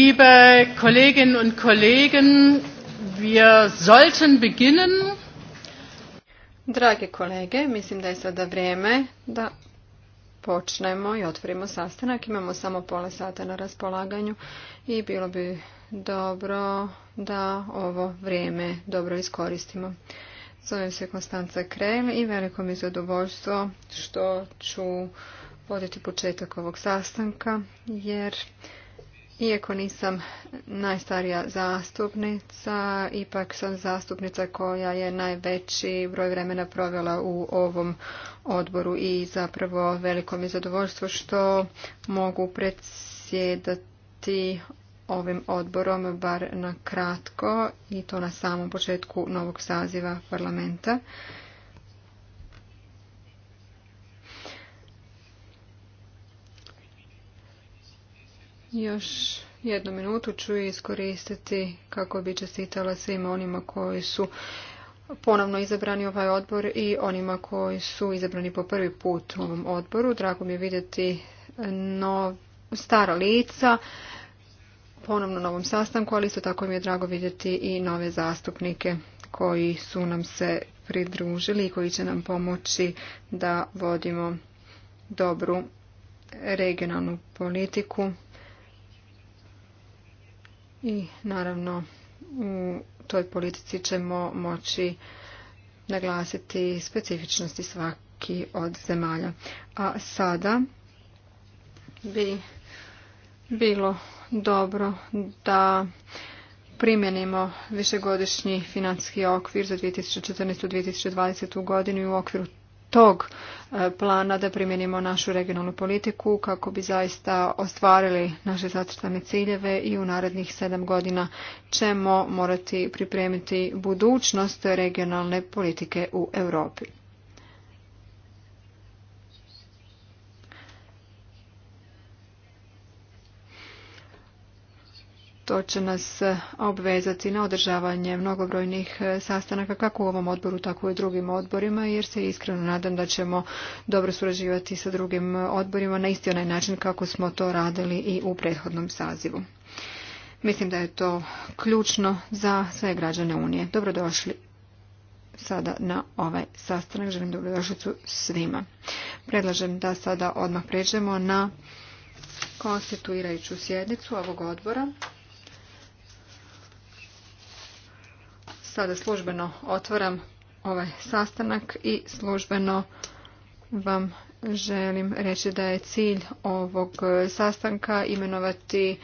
Liebe Kolleginnen und Kollegen, wir sollten beginnen. Drage kolege, mislim da je sada vrijeme da počnemo i otvorimo sastanak. Imamo samo pola sata na raspolaganju i bilo bi dobro da ovo vrijeme dobro iskoristimo. Zovem se Konstanca Krel i veliko mi zadovoljstvo što ću voditi početak ovog sastanka jer iako nisam najstarija zastupnica, ipak sam zastupnica koja je najveći broj vremena provela u ovom odboru i zapravo veliko mi zadovoljstvo što mogu predsjedati ovim odborom bar na kratko i to na samom početku novog saziva parlamenta. Još jednu minutu ću iskoristiti kako bi čestitala svima onima koji su ponovno izabrani ovaj odbor i onima koji su izabrani po prvi put u ovom odboru. Drago mi je vidjeti stara lica ponovno na ovom sastanku, ali isto tako mi je drago vidjeti i nove zastupnike koji su nam se pridružili i koji će nam pomoći da vodimo dobru regionalnu politiku i naravno u toj politici ćemo moći naglasiti specifičnosti svaki od zemalja. A sada bi bilo dobro da primjenimo višegodišnji financijski okvir za 2014. 2020. godinu i u okviru tog e, plana da primijenimo našu regionalnu politiku kako bi zaista ostvarili naše zacrtane ciljeve i u narednih sedam godina ćemo morati pripremiti budućnost regionalne politike u Europi. to će nas obvezati na održavanje mnogobrojnih e, sastanaka kako u ovom odboru tako i u drugim odborima jer se iskreno nadam da ćemo dobro surađivati sa drugim odborima na isti onaj način kako smo to radili i u prethodnom sazivu. Mislim da je to ključno za sve građane Unije. Dobrodošli sada na ovaj sastanak. Želim dobrodošlicu svima. Predlažem da sada odmah pređemo na konstituirajuću sjednicu ovog odbora. Sada službeno otvaram ovaj sastanak i službeno vam želim reći da je cilj ovog sastanka imenovati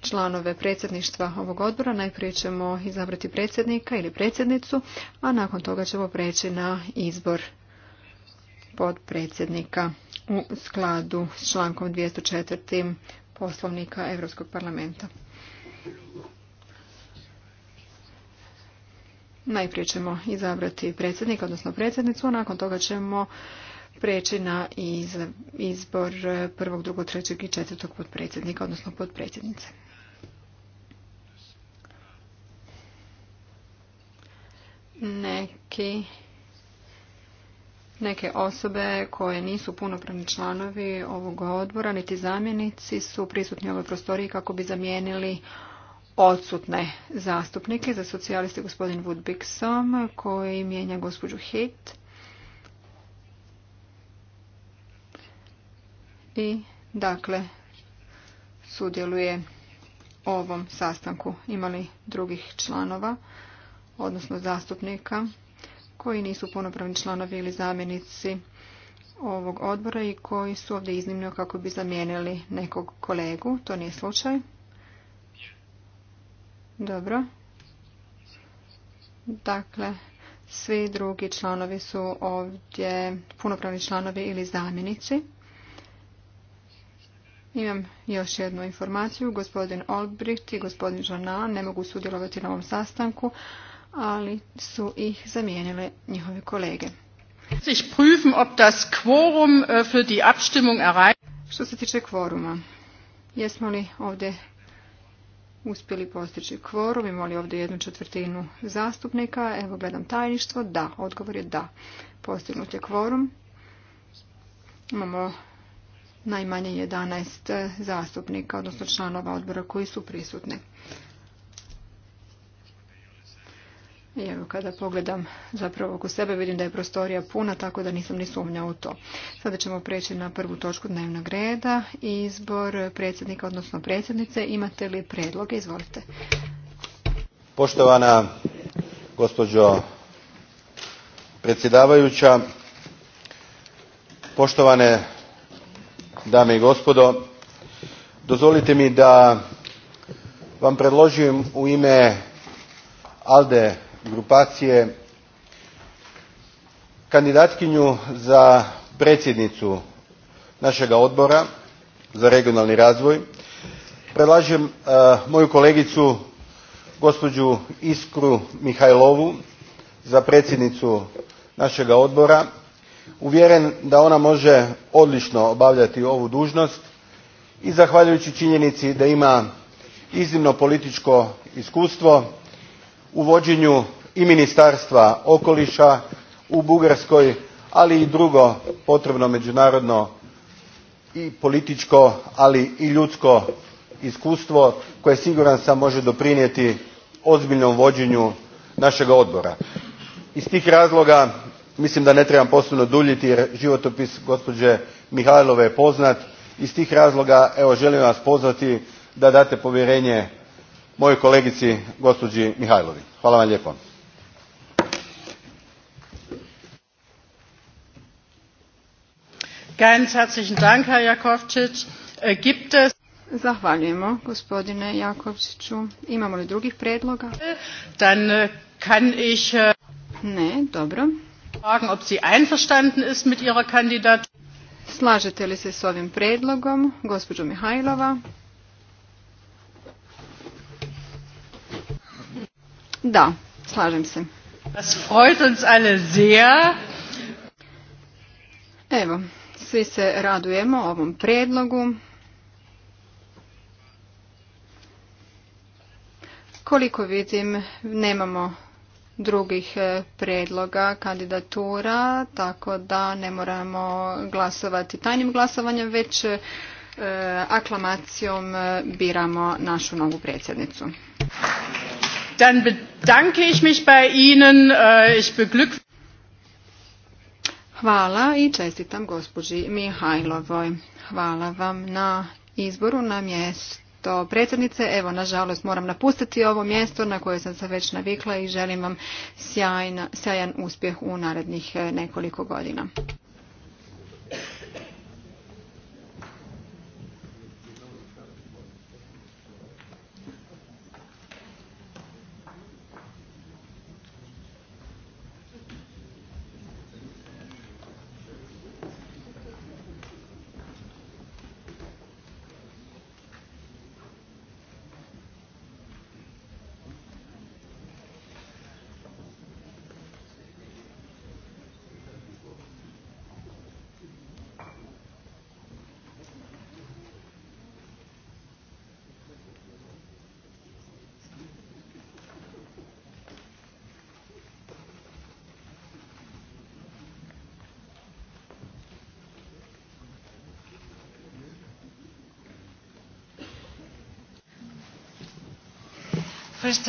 članove predsjedništva ovog odbora. Najprije ćemo izabrati predsjednika ili predsjednicu, a nakon toga ćemo preći na izbor podpredsjednika u skladu s člankom 204. poslovnika Europskog parlamenta. Najprije ćemo izabrati predsjednika, odnosno predsjednicu, nakon toga ćemo preći na izbor prvog, drugog, trećeg i četvrtog podpredsjednika, odnosno podpredsjednice. Neki, neke osobe koje nisu punopravni članovi ovog odbora, niti zamjenici, su prisutni u ovoj prostoriji kako bi zamijenili odsutne zastupnike. Za socijaliste gospodin Woodbixom koji mijenja gospođu Hit. I dakle sudjeluje ovom sastanku. Imali drugih članova, odnosno zastupnika koji nisu punopravni članovi ili zamjenici ovog odbora i koji su ovdje iznimno kako bi zamijenili nekog kolegu. To nije slučaj. Dobro. Dakle, svi drugi članovi su ovdje punopravni članovi ili zamjenici. Imam još jednu informaciju. Gospodin Olbricht i gospodin Žana ne mogu sudjelovati na ovom sastanku, ali su ih zamijenile njihove kolege. Äh, Što se tiče kvoruma, jesmo li ovdje uspjeli postići kvorum. Imamo li ovdje jednu četvrtinu zastupnika? Evo gledam tajništvo. Da, odgovor je da. Postignut je kvorum. Imamo najmanje 11 zastupnika, odnosno članova odbora koji su prisutni. evo kada pogledam zapravo oko sebe vidim da je prostorija puna tako da nisam ni sumnja u to. Sada ćemo preći na prvu točku dnevnog reda. Izbor predsjednika odnosno predsjednice. Imate li predloge? Izvolite. Poštovana gospođo predsjedavajuća, poštovane dame i gospodo, dozvolite mi da vam predložim u ime ALDE grupacije kandidatkinju za predsjednicu našega odbora za regionalni razvoj predlažem e, moju kolegicu gospođu iskru mihajlovu za predsjednicu našega odbora uvjeren da ona može odlično obavljati ovu dužnost i zahvaljujući činjenici da ima iznimno političko iskustvo u vođenju i ministarstva okoliša u bugarskoj ali i drugo potrebno međunarodno i političko ali i ljudsko iskustvo koje siguran sam može doprinijeti ozbiljnom vođenju našega odbora. iz tih razloga mislim da ne trebam posebno duljiti jer životopis gospođe Mihajlove je poznat iz tih razloga evo želim vas pozvati da date povjerenje mojoj kolegici gospođi Mihajlovi. hvala vam lijepo. Ganz herzlichen Dank, Herr Jakovčić. E, gibt es... Zahvaljujemo, gospodine Jakovčiću. Imamo li drugih predloga? Dan e, kan ich... E, ne, dobro. Fragen, ob sie einverstanden ist mit ihrer Kandidat. Slažete li se s ovim predlogom, gospođo Mihajlova? Da, slažem se. Das freut uns alle sehr. Evo, svi se radujemo ovom predlogu. Koliko vidim, nemamo drugih e, predloga kandidatura, tako da ne moramo glasovati tajnim glasovanjem, već e, aklamacijom e, biramo našu novu predsjednicu. Dann bedanke ich mich bei Ihnen. Äh, ich Hvala i čestitam gospođi Mihajlovoj. Hvala vam na izboru na mjesto predsjednice. Evo, nažalost, moram napustiti ovo mjesto na koje sam se već navikla i želim vam sjajan uspjeh u narednih eh, nekoliko godina. First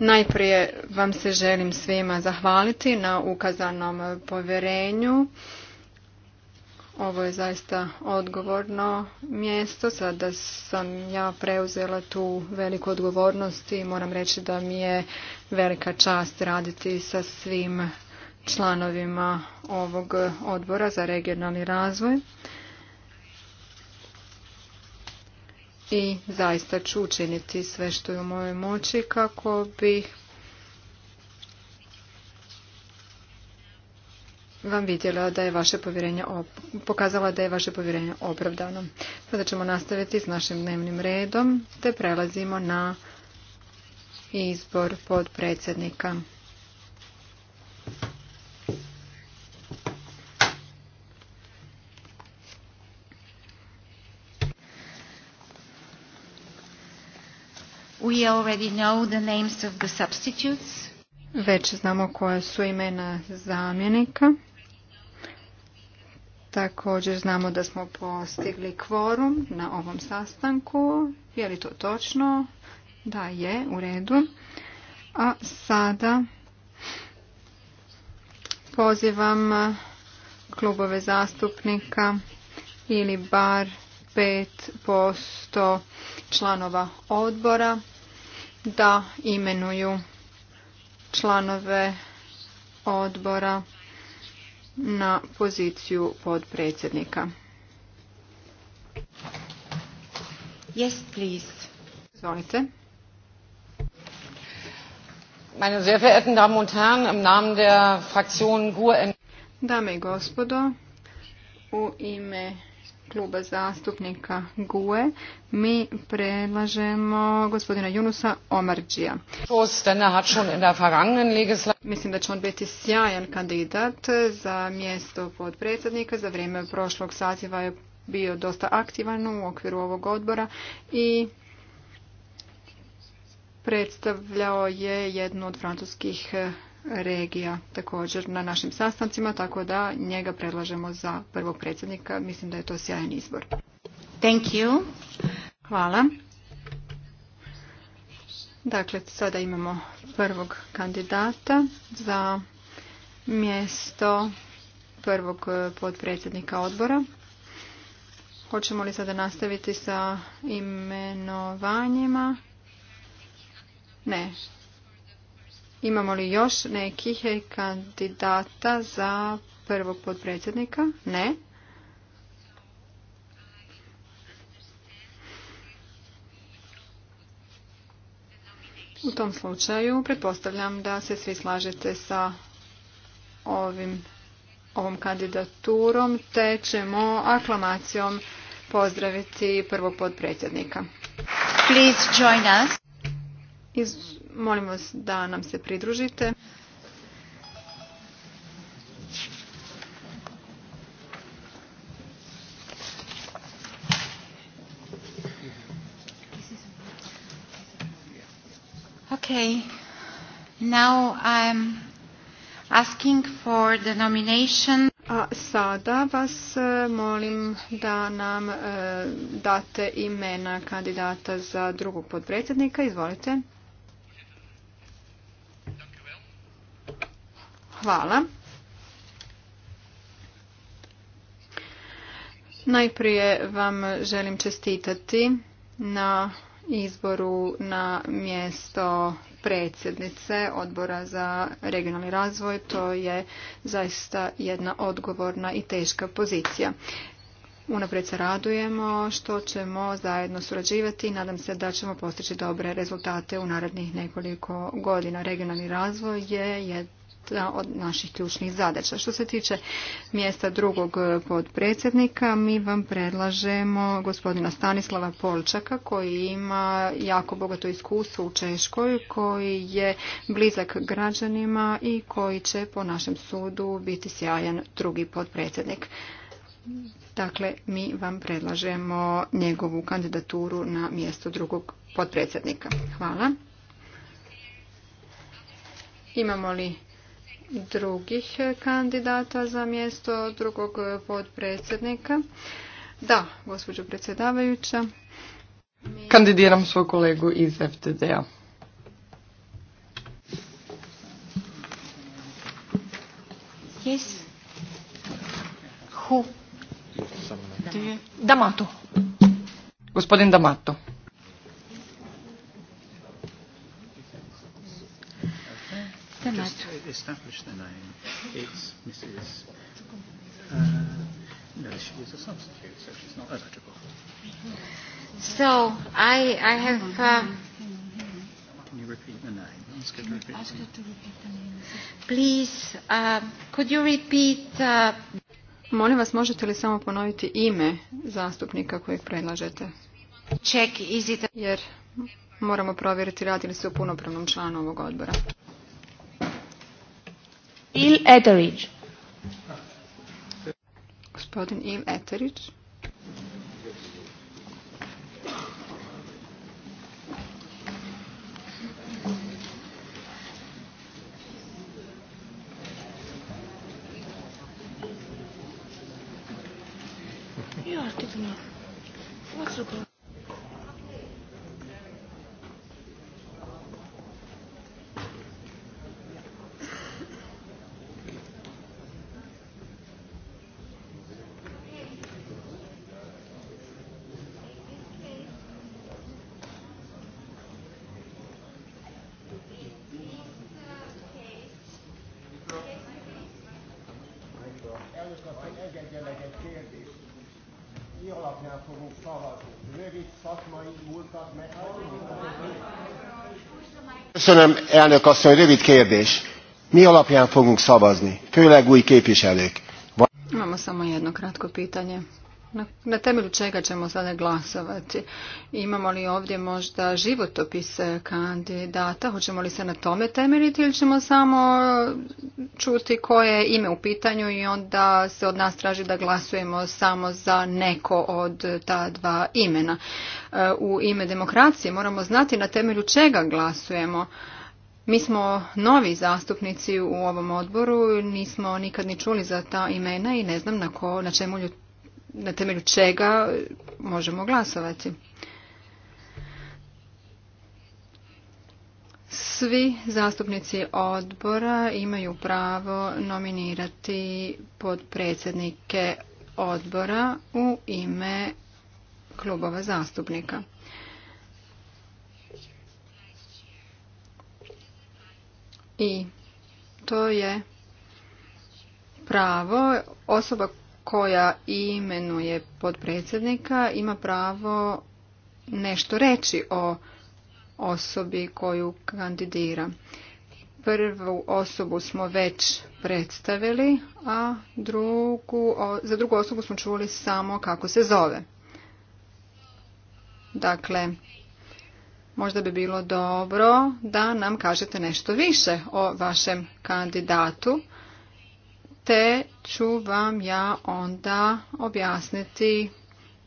Najprije vam se želim svima zahvaliti na ukazanom povjerenju. Ovo je zaista odgovorno mjesto. Sada sam ja preuzela tu veliku odgovornost i moram reći da mi je velika čast raditi sa svim članovima ovog odbora za regionalni razvoj. i zaista ću učiniti sve što je u mojoj moći kako bih vam vidjela da je vaše povjerenje pokazala da je vaše povjerenje opravdano. Sada ćemo nastaviti s našim dnevnim redom te prelazimo na izbor podpredsjednika. we already know the names of the substitutes. Već znamo koja su imena zamjenika. Također znamo da smo postigli kvorum na ovom sastanku. Je li to točno? Da je, u redu. A sada pozivam klubove zastupnika ili bar 5% članova odbora da imenuju članove odbora na poziciju podpredsjednika. Yes, please. Izvolite. Meine sehr verehrten Damen und Herren, im Namen der Fraktion GUR... Dame i gospodo, u ime kluba zastupnika GUE mi predlažemo gospodina Junusa Omarđija. Mislim da će on biti sjajan kandidat za mjesto podpredsjednika. Za vrijeme prošlog saziva je bio dosta aktivan u okviru ovog odbora i predstavljao je jednu od francuskih regija također na našim sastancima, tako da njega predlažemo za prvog predsjednika. Mislim da je to sjajan izbor. Thank you. Hvala. Dakle, sada imamo prvog kandidata za mjesto prvog podpredsjednika odbora. Hoćemo li sada nastaviti sa imenovanjima? Ne, Imamo li još nekih kandidata za prvog podpredsjednika? Ne. U tom slučaju pretpostavljam da se svi slažete sa ovim, ovom kandidaturom te ćemo aklamacijom pozdraviti prvog podpredsjednika. Please join us. Iz, molim vas da nam se pridružite. Okay. Now I'm asking for the nomination. A sada vas e, molim da nam e, date imena kandidata za drugog podpredsjednika. Izvolite. Hvala. Najprije vam želim čestitati na izboru na mjesto predsjednice odbora za regionalni razvoj. To je zaista jedna odgovorna i teška pozicija. Unaprijed se radujemo što ćemo zajedno surađivati i nadam se da ćemo postići dobre rezultate u narednih nekoliko godina. Regionalni razvoj je od naših ključnih zadaća. Što se tiče mjesta drugog podpredsjednika, mi vam predlažemo gospodina Stanislava Polčaka koji ima jako bogato iskustvo u Češkoj, koji je blizak građanima i koji će po našem sudu biti sjajan drugi podpredsjednik. Dakle, mi vam predlažemo njegovu kandidaturu na mjesto drugog podpredsjednika. Hvala. Imamo li drugih kandidata za mjesto drugog podpredsjednika. Da, gospođo predsjedavajuća. Kandidiram svog kolegu iz FTD-a. Yes. Who? Damato. Gospodin Damato. the Just to establish the name, it's Mrs. Uh, no, she is a substitute, so she's not eligible. So I, I have. Uh, Can you repeat the name? Ask her to repeat, the name. Please, uh, could you repeat? Uh, Molim vas, možete li samo ponoviti ime zastupnika kojeg predlažete? Check, is it... Jer moramo provjeriti radi li se o punopravnom članu ovog odbora. Il Eterić. Gospodin Il Eterić. Ja, Köszönöm, elnök asszony, rövid kérdés. Mi alapján fogunk szavazni, főleg új képviselők? Imamo samo jedno kratko pitanje na, temelju čega ćemo sada glasovati? Imamo li ovdje možda životopise kandidata? Hoćemo li se na tome temeljiti ili ćemo samo e, čuti koje je ime u pitanju i onda se od nas traži da glasujemo samo za neko od ta dva imena? E, u ime demokracije moramo znati na temelju čega glasujemo. Mi smo novi zastupnici u ovom odboru, nismo nikad ni čuli za ta imena i ne znam na, ko, na čemu na temelju čega možemo glasovati. Svi zastupnici odbora imaju pravo nominirati podpredsjednike odbora u ime klubova zastupnika. I to je pravo osoba koja imenuje podpredsjednika ima pravo nešto reći o osobi koju kandidira. Prvu osobu smo već predstavili, a drugu, za drugu osobu smo čuli samo kako se zove. Dakle, možda bi bilo dobro da nam kažete nešto više o vašem kandidatu te ću vam ja onda objasniti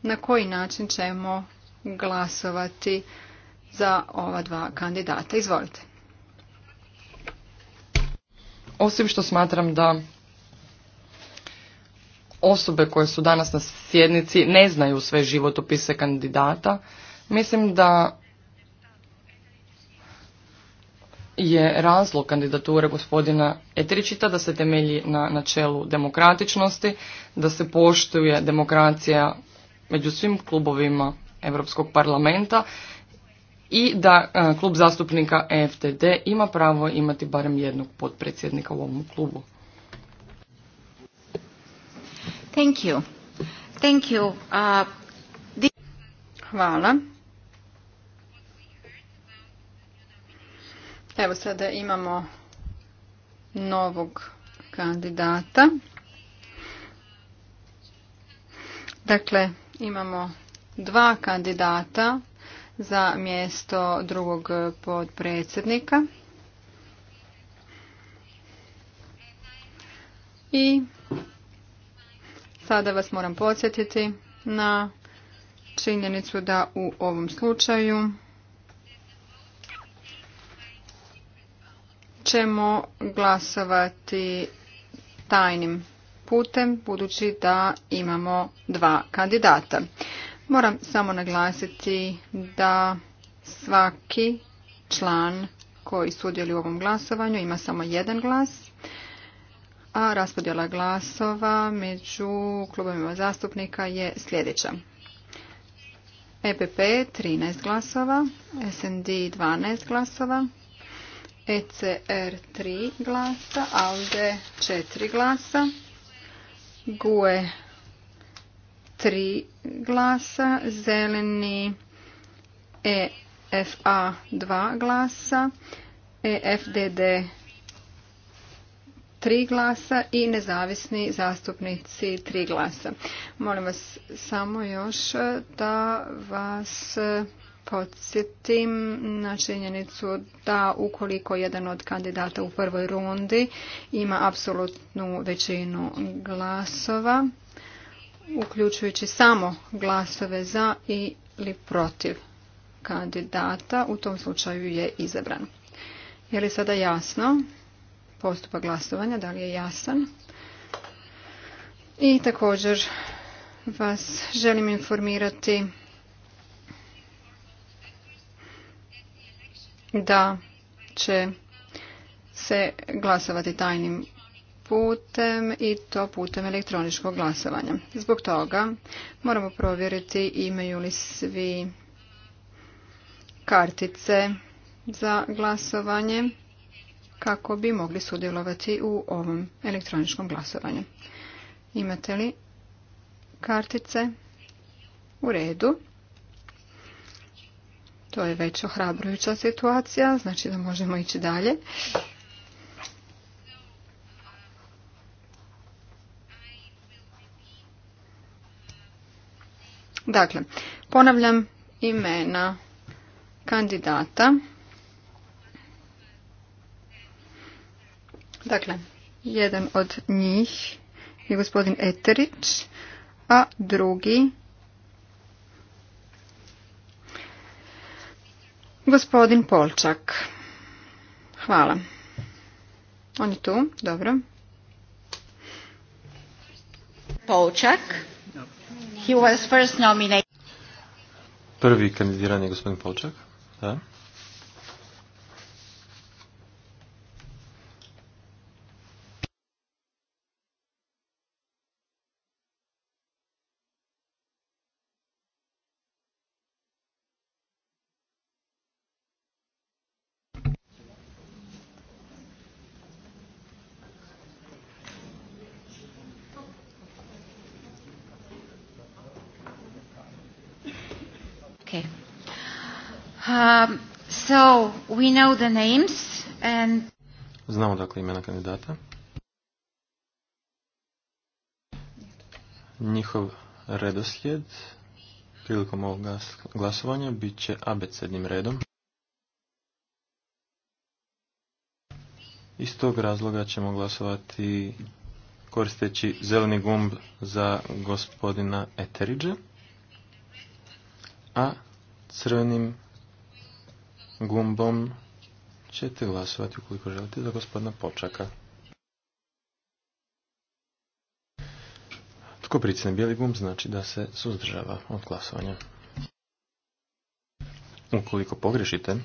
na koji način ćemo glasovati za ova dva kandidata. Izvolite. Osim što smatram da osobe koje su danas na sjednici ne znaju sve životopise kandidata, mislim da je razlog kandidature gospodina Etričita da se temelji na načelu demokratičnosti, da se poštuje demokracija među svim klubovima Europskog parlamenta i da e, klub zastupnika e FTD ima pravo imati barem jednog potpredsjednika u ovom klubu. Thank you. Thank you. Uh, Hvala. Evo sada imamo novog kandidata. Dakle, imamo dva kandidata za mjesto drugog podpredsjednika. I sada vas moram podsjetiti na činjenicu da u ovom slučaju ćemo glasovati tajnim putem budući da imamo dva kandidata. Moram samo naglasiti da svaki član koji sudjeli u ovom glasovanju ima samo jedan glas, a raspodjela glasova među klubovima zastupnika je sljedeća. EPP 13 glasova, SND 12 glasova, ECR 3 glasa, ALDE 4 glasa, GUE 3 glasa, Zeleni EFA 2 glasa, EFDD 3 glasa i nezavisni zastupnici 3 glasa. Molim vas samo još da vas podsjetim na činjenicu da ukoliko jedan od kandidata u prvoj rundi ima apsolutnu većinu glasova, uključujući samo glasove za ili protiv kandidata, u tom slučaju je izabran. Je li sada jasno postupak glasovanja, da li je jasan? I također vas želim informirati da će se glasovati tajnim putem i to putem elektroničkog glasovanja. Zbog toga moramo provjeriti imaju li svi kartice za glasovanje kako bi mogli sudjelovati u ovom elektroničkom glasovanju. Imate li kartice? U redu. To je već ohrabrujuća situacija, znači da možemo ići dalje. Dakle, ponavljam imena kandidata. Dakle, jedan od njih je gospodin Eterić, a drugi Gospodin Polčak. Hvala. On je tu, dobro. Polčak. Prvi kandidiran je gospodin Polčak. Da. We know the names and... Znamo dakle imena kandidata. Njihov redoslijed prilikom ovog glasovanja bit će abecednim redom. Iz tog razloga ćemo glasovati koristeći zeleni gumb za gospodina Eteridža, a crvenim gumbom ćete glasovati ukoliko želite za gospodina Počaka. Tko pricne bijeli gumb znači da se suzdržava od glasovanja. Ukoliko pogrešite,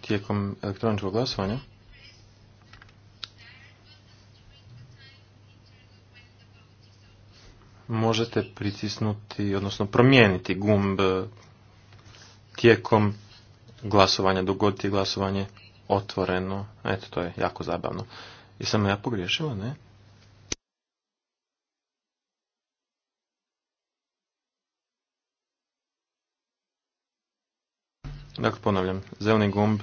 tijekom elektroničkog glasovanja, možete pritisnuti, odnosno promijeniti gumb tijekom glasovanja, dogoditi glasovanje otvoreno. Eto, to je jako zabavno. I sam ja pogriješila, ne? Dakle, ponavljam, zeleni gumb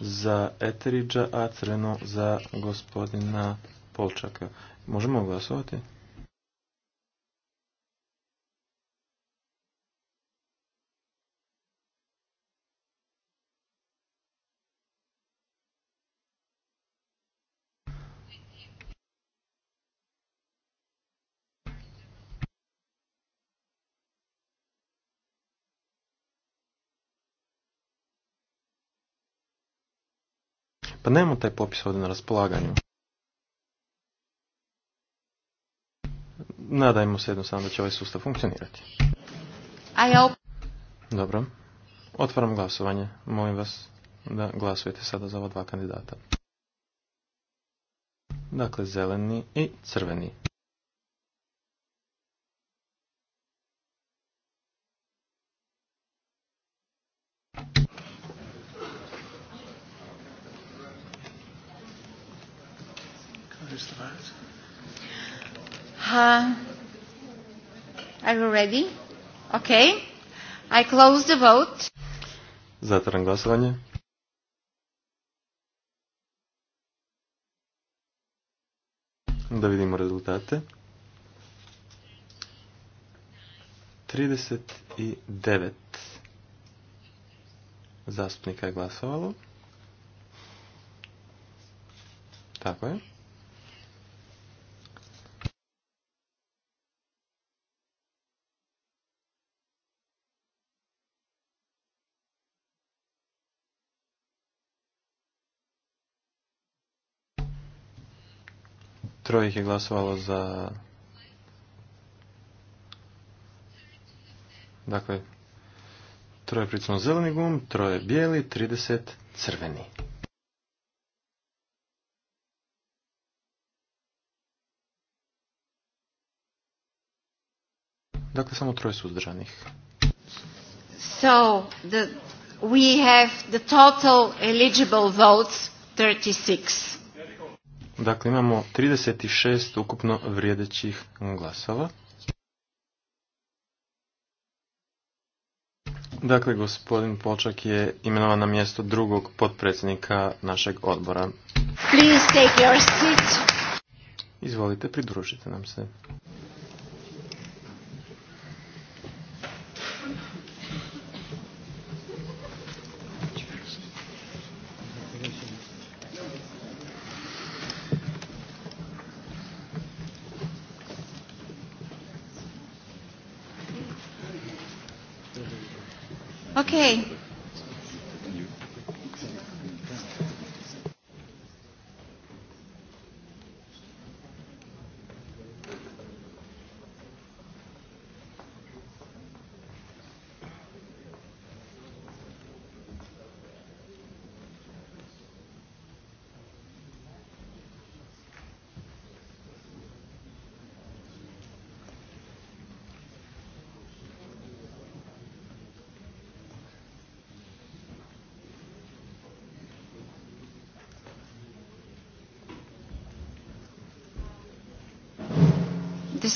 za Eteriđa, a crveno za gospodina Polčaka. Možemo glasovati? Pa nemamo taj popis ovdje na raspolaganju. Nadajmo se jednostavno da će ovaj sustav funkcionirati. Dobro. Otvaram glasovanje. Molim vas da glasujete sada za ova dva kandidata. Dakle, zeleni i crveni. Uh, are you ready? Okay. I close the vote. Zatvaram glasovanje. Da vidimo rezultate. 39 zastupnika je glasovalo. Tako je. Troje ih je glasovalo za... Dakle, troje pricno zeleni gum, troje bijeli, 30 crveni. Dakle, samo troje suzdržanih. So, the, we have the total eligible votes 36. Dakle, imamo 36 ukupno vrijedećih glasova. Dakle, gospodin Počak je imenovan na mjesto drugog potpredsjednika našeg odbora. Izvolite, pridružite nam se.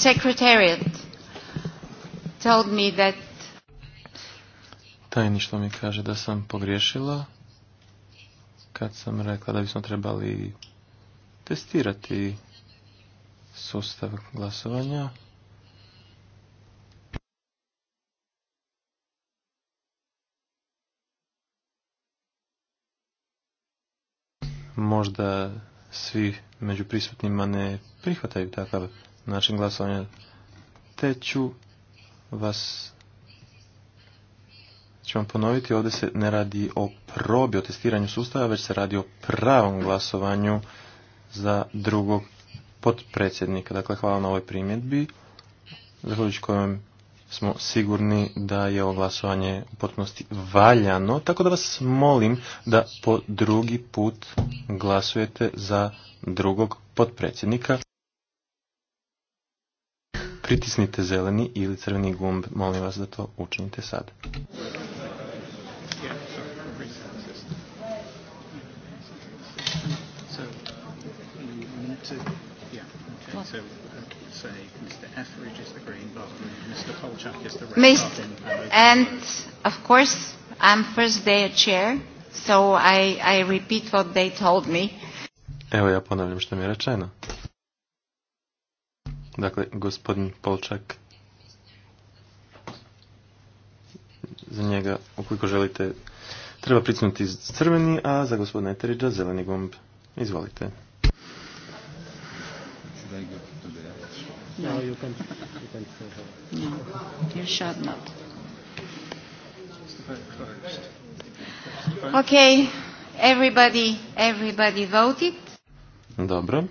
secretariat told me that Tajništvo mi kaže da sam pogriješila kad sam rekla da bismo trebali testirati sustav glasovanja. Možda svi među prisutnima ne prihvataju takav način glasovanja. Te ću vas ću ponoviti, ovdje se ne radi o probi, o testiranju sustava, već se radi o pravom glasovanju za drugog potpredsjednika. Dakle, hvala na ovoj primjedbi, zahvaljujući kojom smo sigurni da je ovo glasovanje u potpunosti valjano, tako da vas molim da po drugi put glasujete za drugog potpredsjednika pritisnite zeleni ili crveni gumb. Molim vas da to učinite sad. And of course, I'm first day chair, so I, I repeat what they told me. Evo ja ponavljam što mi je rečeno. Dakle, gospodin Polčak, za njega, ukoliko želite, treba pricnuti crveni, a za gospodina Eteriđa zeleni gumb. Izvolite. Ok, Dobro,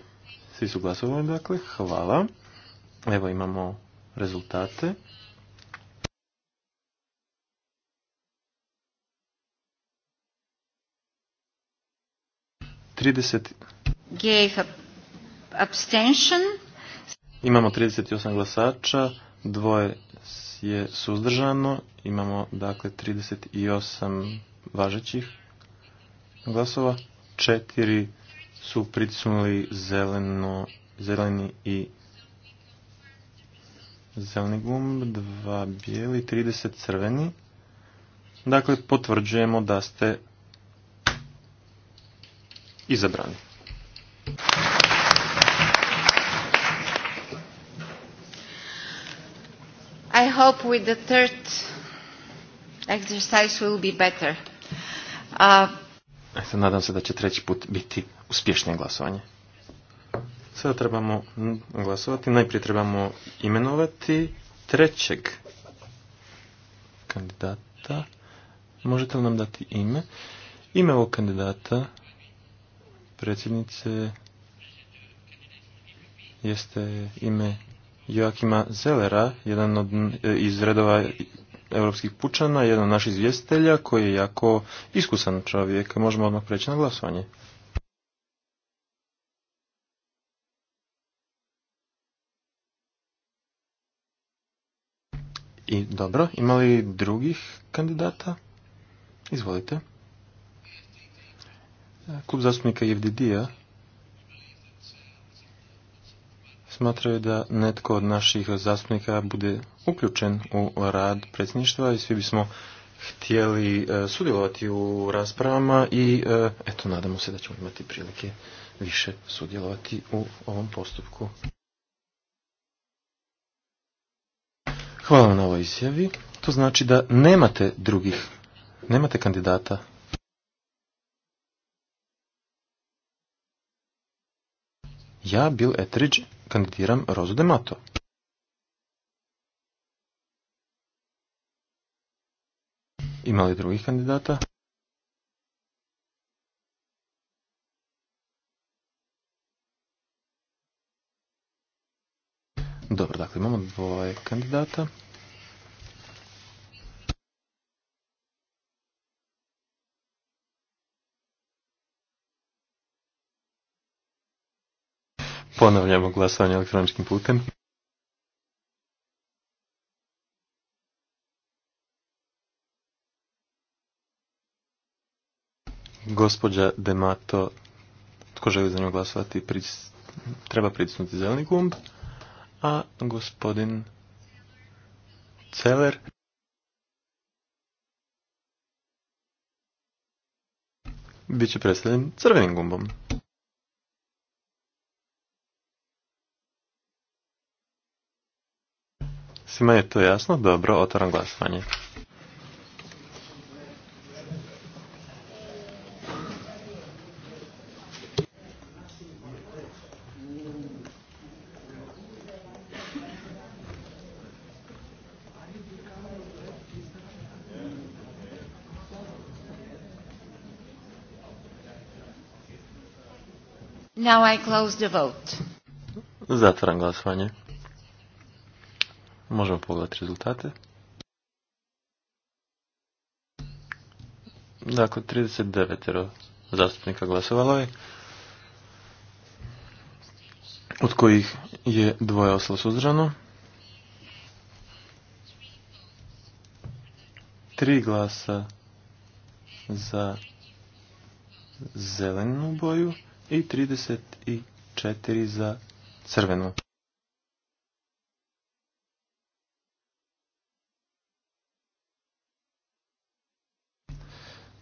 svi su glasovali, dakle, hvala. Evo imamo rezultate. Imamo 38 glasača, dvoje je suzdržano, imamo dakle 38 važećih glasova, četiri su pritisnuli zeleni i zeleni gumb, dva bijeli, 30 crveni. Dakle, potvrđujemo da ste izabrani. I hope with the third exercise will be better. Uh... E nadam se da će treći put biti uspješnije glasovanje. Sada trebamo glasovati. Najprije trebamo imenovati trećeg kandidata. Možete li nam dati ime? Ime ovog kandidata predsjednice jeste ime Joakima Zelera, jedan od, iz redova europskih pučana, jedan od naših izvjestitelja koji je jako iskusan čovjek. Možemo odmah preći na glasovanje. I dobro, ima li drugih kandidata? Izvolite. Klub zastupnika Jevdidija smatraju da netko od naših zastupnika bude uključen u rad predsjedništva i svi bismo htjeli e, sudjelovati u raspravama i e, eto nadamo se da ćemo imati prilike više sudjelovati u ovom postupku. Hvala na ovoj izjavi. To znači da nemate drugih, nemate kandidata. Ja, Bill Etridge, kandidiram Rozu Demato. Ima li drugih kandidata? Dobro, dakle imamo dvoje ovaj, kandidata. Ponavljamo glasovanje elektroničkim putem. Gospođa Demato, tko želi za nju glasovati, treba pritisnuti zeleni gumb a gospodin Celer. Biće predstavljen crvenim gumbom. Svima je to jasno? Dobro, otvaram glasovanje. Now I close the vote. Zatvaram glasovanje. Možemo pogledati rezultate. Dakle, 39 zastupnika glasovalo je, od kojih je dvoje oslo suzdržano. Tri glasa za zelenu boju i 34 za crveno.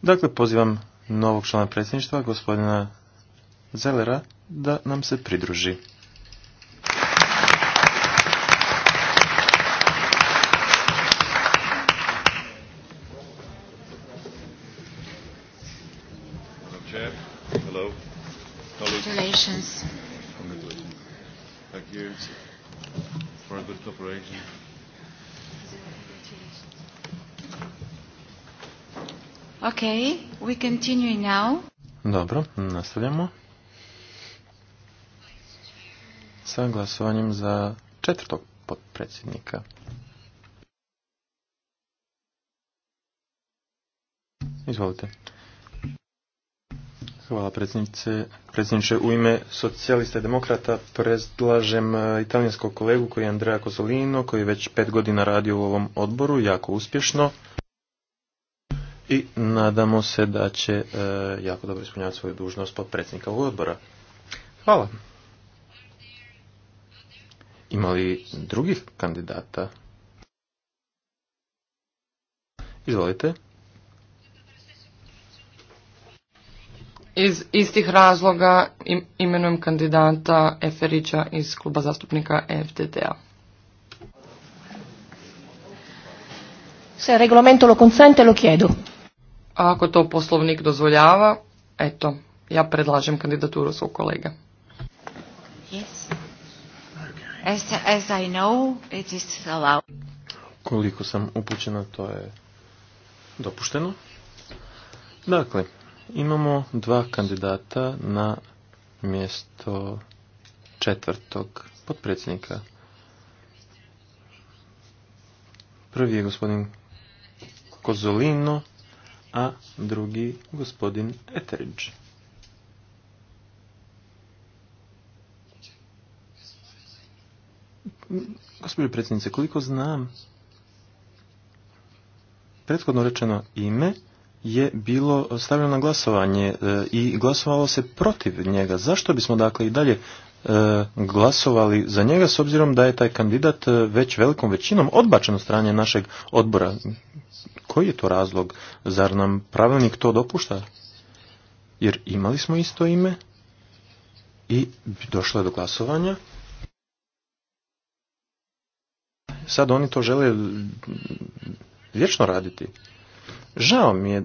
Dakle, pozivam novog člana predsjedništva, gospodina Zelera, da nam se pridruži. Okay, we continue now. Dobro, nastavljamo. Sa glasovanjem za četvrtog potpredsjednika. Izvolite. Hvala predsjednice. Predsjedniče, u ime socijalista i demokrata predlažem e, italijanskog kolegu koji je Andrea Cosolino, koji je već pet godina radio u ovom odboru, jako uspješno i nadamo se da će e, jako dobro ispunjavati svoju dužnost potpredsjednika ovog odbora. Hvala. Ima li drugih kandidata? Izvolite. Iz istih razloga imenujem kandidata Eferića iz kluba zastupnika FDD-a. Se regolamento lo consente, lo chiedo ako to poslovnik dozvoljava, eto, ja predlažem kandidaturu svog kolega. I Koliko sam upućena, to je dopušteno. Dakle, imamo dva kandidata na mjesto četvrtog potpredsjednika. Prvi je gospodin Kozolino, a drugi gospodin Etheridge. Gospođo predsjednice, koliko znam, prethodno rečeno ime je bilo stavljeno na glasovanje e, i glasovalo se protiv njega. Zašto bismo dakle i dalje e, glasovali za njega s obzirom da je taj kandidat e, već velikom većinom odbačen od strane našeg odbora. Koji je to razlog? Zar nam pravilnik to dopušta? Jer imali smo isto ime i došlo je do glasovanja. Sad oni to žele vječno raditi. Žao mi je,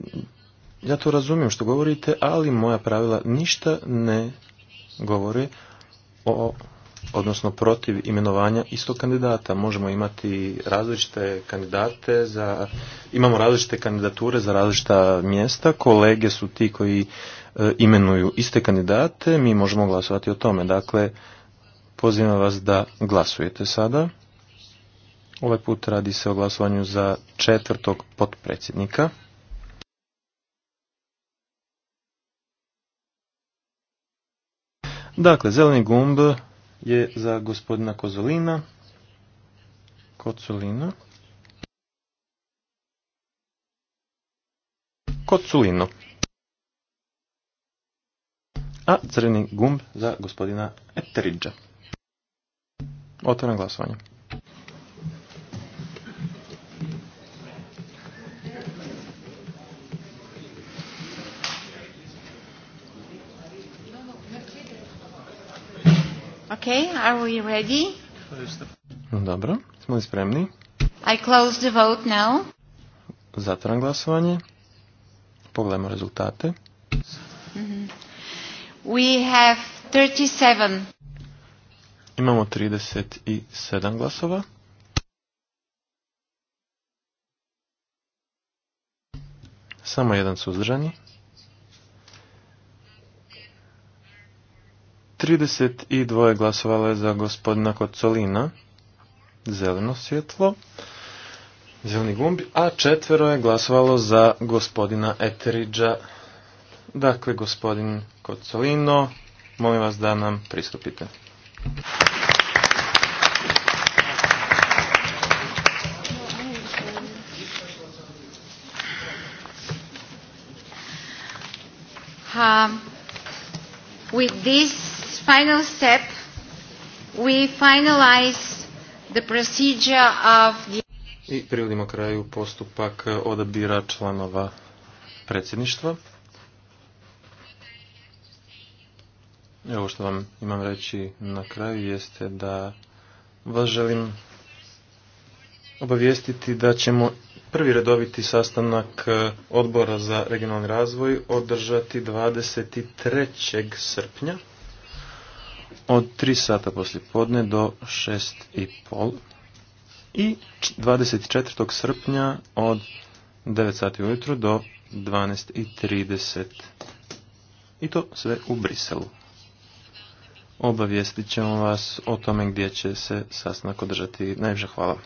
ja to razumijem što govorite, ali moja pravila ništa ne govore o odnosno protiv imenovanja istog kandidata. Možemo imati različite kandidate za, imamo različite kandidature za različita mjesta, kolege su ti koji e, imenuju iste kandidate, mi možemo glasovati o tome. Dakle, pozivam vas da glasujete sada. Ovaj put radi se o glasovanju za četvrtog potpredsjednika. Dakle, zeleni gumb je za gospodina Kozolina. Koculina Koculino. A crveni gumb za gospodina Eteridža. Otvaram glasovanje. Are we ready? Dobro, smo li spremni? I close the vote now. Zatvoram glasovanje. Pogledajmo rezultate. Mhm. We have 37. Imamo 37 glasova. Samo jedan suzdržani. 32 glasovalo je za gospodina Kocolina, zeleno svjetlo, zeleni gumbi, a četvero je glasovalo za gospodina Eteriđa, dakle gospodin Kocolino, molim vas da nam pristupite. Um, with this final step, we finalize the procedure of I privodimo kraju postupak odabira članova predsjedništva. Evo što vam imam reći na kraju jeste da vas želim obavijestiti da ćemo prvi redoviti sastanak odbora za regionalni razvoj održati 23. srpnja od 3 sata poslije podne do 6 i pol i 24. srpnja od 9 sati ujutru do 12 i 30. I to sve u Briselu. Obavijestit ćemo vas o tome gdje će se sastanak održati. Najviše hvala.